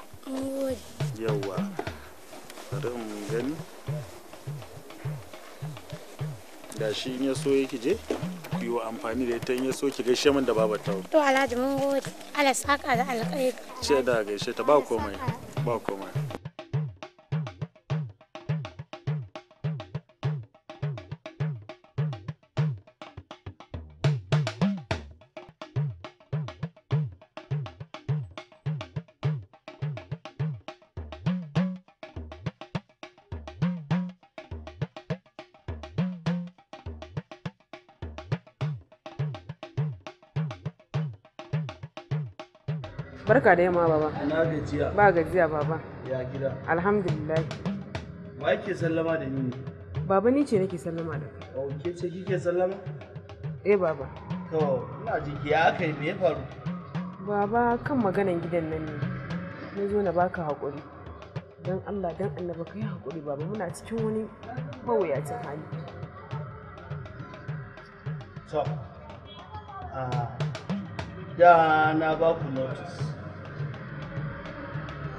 shi in ya so yake je ku yi amfani da ita in ya so ki gaishe min da baba tawo to alhaji mun gode ala saka da alƙairi ce da gaishe ta ba komai ba komai Barka da yamma baba. Ina gajiya. Ba gajiya baba. Ya gida. Alhamdulillah. Wa yake sallama da ni ne? Baba ni ce nake sallama da kai. Oh, ke ce kike sallama? Eh baba. To, ina ji ki aka me ya faru? Baba kan maganan gidan nan ne. Na zo na baka haƙuri. Dan Allah dan Annabi kai haƙuri baba muna cikin wani mawuyacin hali. To. Ah. da na ba ku notice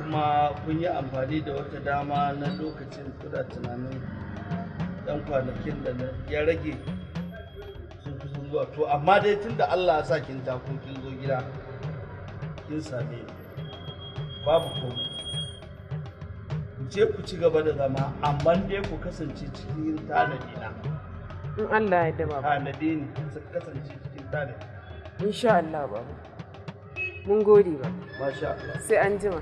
kuma kun yi amfani da wata dama na lokacin kuna tunanin dan kwanakin da ya rage sun fi sun zuwa to amma dai tun da allah sa kin takun kin zo gida kin same babu komai ku je ku ci gaba da zama amma dai ku kasance cikin tanadi na in allah ya dama ba tanadi ne kasance cikin tanadi insha allah ba mun gode ba masha allah sai an jima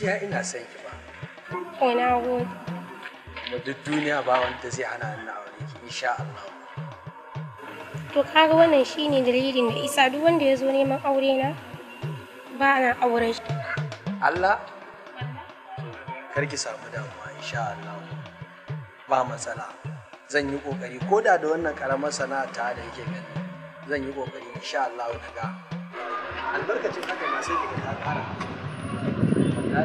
gaskiya ina son ki ba ko eh, na gode kuma duk duniya ba wanda zai hana ni aure ki insha Allah to kaga wannan shine dalilin da isa duk wanda ya zo neman aure na ba na aure shi Allah kar ki samu damuwa insha Allah ba matsala zan yi kokari ko da da wannan karamar sana'a ta da yake gani zan yi kokari insha Allah daga albarkacin haka ma sai daga ta kara Cô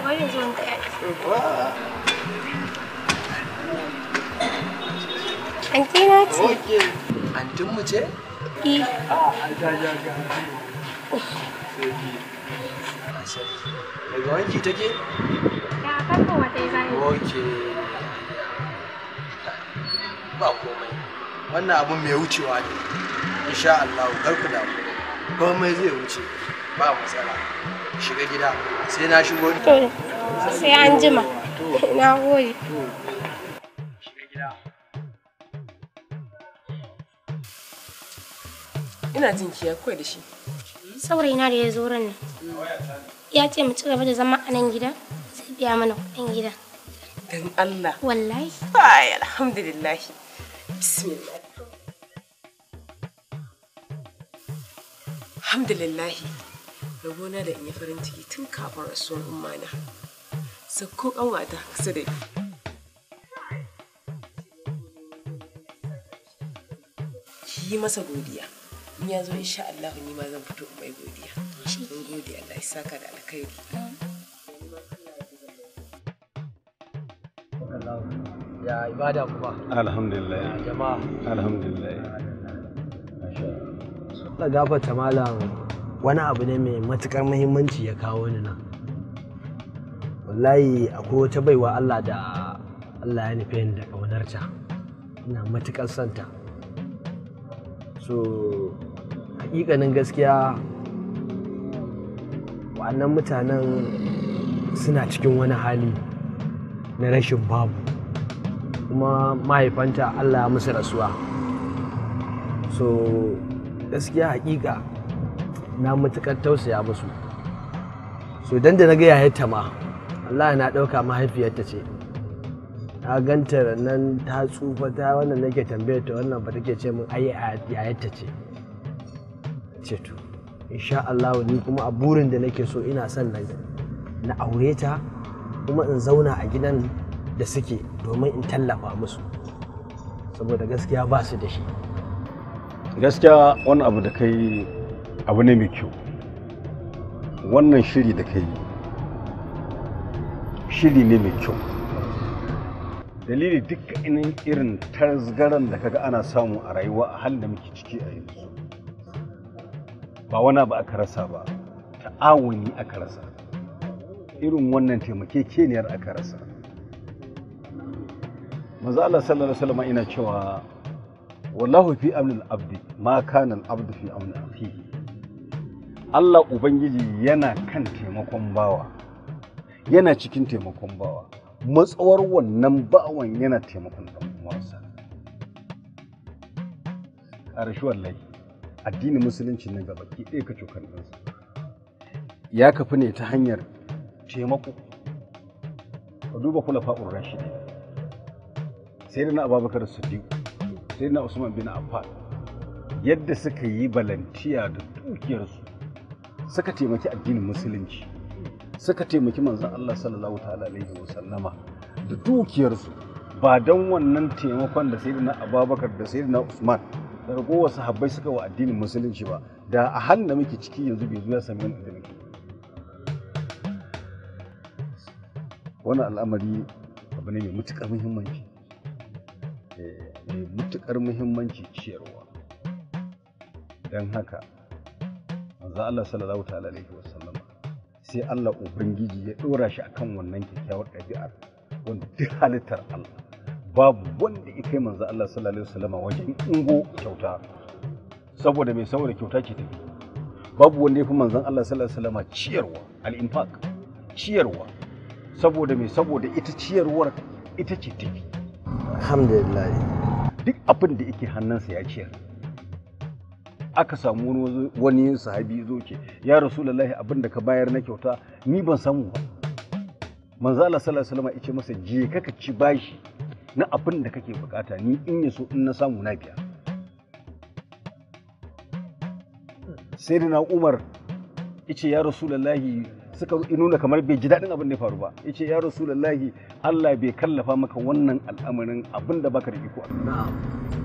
mấy người dùng tệ Anh chị nói chị Anh trúng mới chết Gì? À, anh ra ra ra Anh sẽ Mày gói chị cho chị? kakkowa dai bayan ok ba komai wannan abun mai wucewa ne insha Allah garku da komai zai wuce ba matsala shiga gida sai na shigo to sai an jima na gode ina jin ki ya da shi saurayina da ya zo ran nan ya ce mu ci gaba da zama a nan gida biya mana kuɗin gidan. Dan Allah. Wallahi. Ai alhamdulillah. Bismillah. Alhamdulillah. Rabona da in yi farin ciki tun kafin rasuwar ummana. Sakko ƙanwata kusa da ni. yi masa godiya in ya zo insha Allah ni ma zan fito mai godiya mun gode Allah ya saka da alkhairi Allah ya ibada kuma alhamdulillah jama'a alhamdulillah Allah gafarta malam wani abu ne mai matukar muhimmanci ya kawo ni nan wallahi akwai wata baiwa Allah da Allah ya nufe ni da ƙaunarta ina matukar santa so hakikanin gaskiya wannan mutanen suna cikin wani hali na rashin babu kuma mahaifanta Allah ya musu rasuwa so gaskiya hakika na matukar tausaya musu so don da na ga yayata ma Allah na ɗauka mahaifiyarta ce ta ganta nan ta tsufa ta wannan nake tambayar ta wannan ba take ce min ai yayarta ce ce to insha Allah ni kuma a burin da nake so ina son na aure ta kuma in zauna a gidan da suke domin in tallafa musu saboda gaskiya ba su da shi gaskiya wani abu da kai abu ne mai kyau wannan shiri da kai shiri ne mai kyau dalili dukkanin irin tarzgaran da kaga ana samu a rayuwa a halin da muke ciki a yanzu ba wani abu aka rasa ba ta'awuni aka rasa irin wannan taimakekeniyar aka rasa maza Allah sallallahu alaihi wasallam ina cewa wallahu fi amnil abdi ma kana abdu fi amnil abdi Allah ubangiji yana kan taimakon bawa yana cikin taimakon bawa matsawar wannan bawan yana taimakon dan uwansa ƙarshe wallahi addinin musulunci ne gaba ɗaya ka ya kafi ne ta hanyar taimako ka duba kula fa'ur rashidi sai na ababakar siddiq sai na usman bin affan yadda suka yi balantiya da dukiyarsu suka taimaki addinin musulunci suka taimaki manzon Allah sallallahu ta'ala alaihi wa sallama da dukiyarsu ba don wannan taimakon da sayyidina ababakar da sayyidina usman da ragowar sahabbai suka wa addinin musulunci ba da a halin da muke ciki yanzu bai zo ya sami da muke wannan al'amari abu ne mai matuƙar muhimmanci eh, mai mutukar muhimmanci ciyarwa don haka manzo Allah sallallahu ta'ala alaihi wasallam sai Allah ubangiji ya dora shi akan wannan kyakkyawar ɗabi'ar wanda duk halittar Allah babu wanda ya kai manzo Allah sallallahu alaihi wasallam wajen ingo kyauta saboda mai saboda kyauta ce tafi babu wanda ya fi manzon Allah sallallahu alaihi wasallam ciyarwa al-infaq ciyarwa saboda me saboda ita ciyarwar ita ce tafi alhamdulillah duk abin da yake hannunsa ya ciyar aka samu wani sahabi zo ke ya rasulullahi abin da ka bayar na kyauta ni ban samu ba manzo Allah sallallahu alaihi wasallam ce masa je ka ci bashi na abin da kake bukata ni in yaso in na samu na biya sayyidina na Umar yace ya rasulullahi suka nuna kamar bai ji daɗin abin da ya faru ba ya ce ya rasulallahi Allah bai kallafa maka wannan al'amarin abin da baka da iko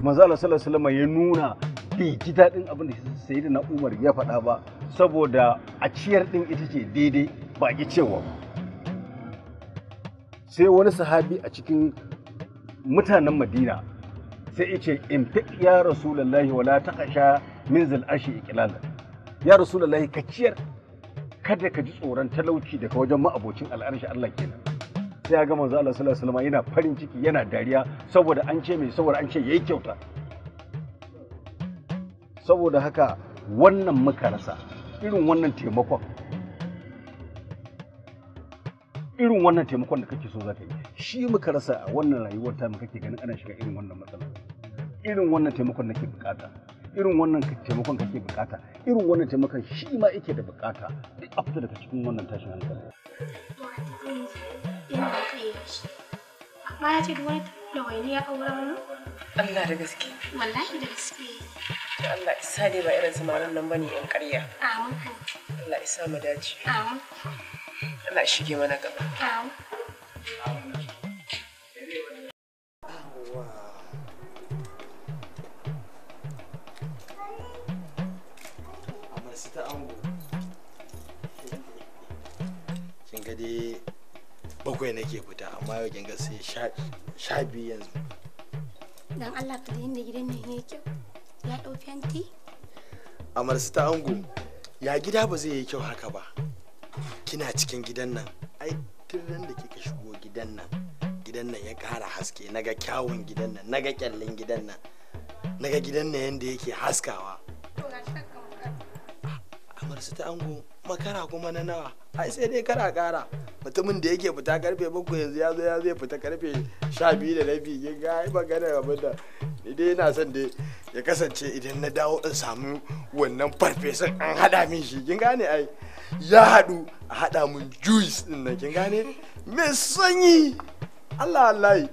manzo Allah sallallahu ya nuna bai ji daɗin abin da sayyidina Na'umar ya faɗa ba saboda a ciyar din ita ce daidai ba ki cewa sai wani sahabi a cikin mutanen Madina sai ya ce in fi ya rasulallahi wala taqasha min zil ashi ya ya rasulallahi ka ciyar kada ka ji tsoron talauci daga wajen ma'abocin al'arshi Allah kenan sai ya ga manzo Allah sallallahu alaihi yana farin ciki yana dariya saboda an ce mai saboda an ce yayi kyauta saboda haka wannan muka rasa irin wannan taimakon irin wannan taimakon da kake so za ka yi shi muka rasa a wannan rayuwar ta muka kake ganin ana shiga irin wannan matsala irin wannan taimakon nake bukata irin wannan taimakon kake bukata irin wannan taimakon shi ma yake da bukata duk a fita daga cikin wannan tashin hankali amma ya ce wani ya aure mu Allah da gaske wallahi da gaske Allah isa dai ba irin samarin nan bane yan ƙarya amin Allah isa mu dace amin Allah shige mana gaba amin kin ga dai bakwai nake fita amma yau kin ga sai sha biyu yanzu dan Allah ka da gidan nan yake ya dau fenti amar su ta ango ya gida ba zai yi kyau haka ba kina cikin gidan nan ai tun nan da kika shigo gidan nan gidan nan ya kara haske naga kyawun gidan nan naga kyallin gidan nan naga gidan nan yanda yake haskawa amar su ta ango makara kuma na nawa ai sai dai kara kara mutumin da yake fita karfe bakwai yanzu ya zo ya zai fita karfe sha biyu da rabi kin ga ai magana abin da dai yana son dai ya kasance idan na dawo in samu wannan farfesan an hada min shi kin gane ai ya hadu a hada min juice din nan kin gane mai sanyi Allah Allah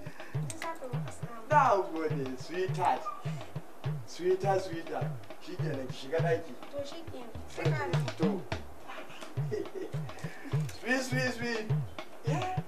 da gode sweetheart sweetheart sweetheart shi kenan shiga daki to shi kenan to Speed, speed, speed. Yeah.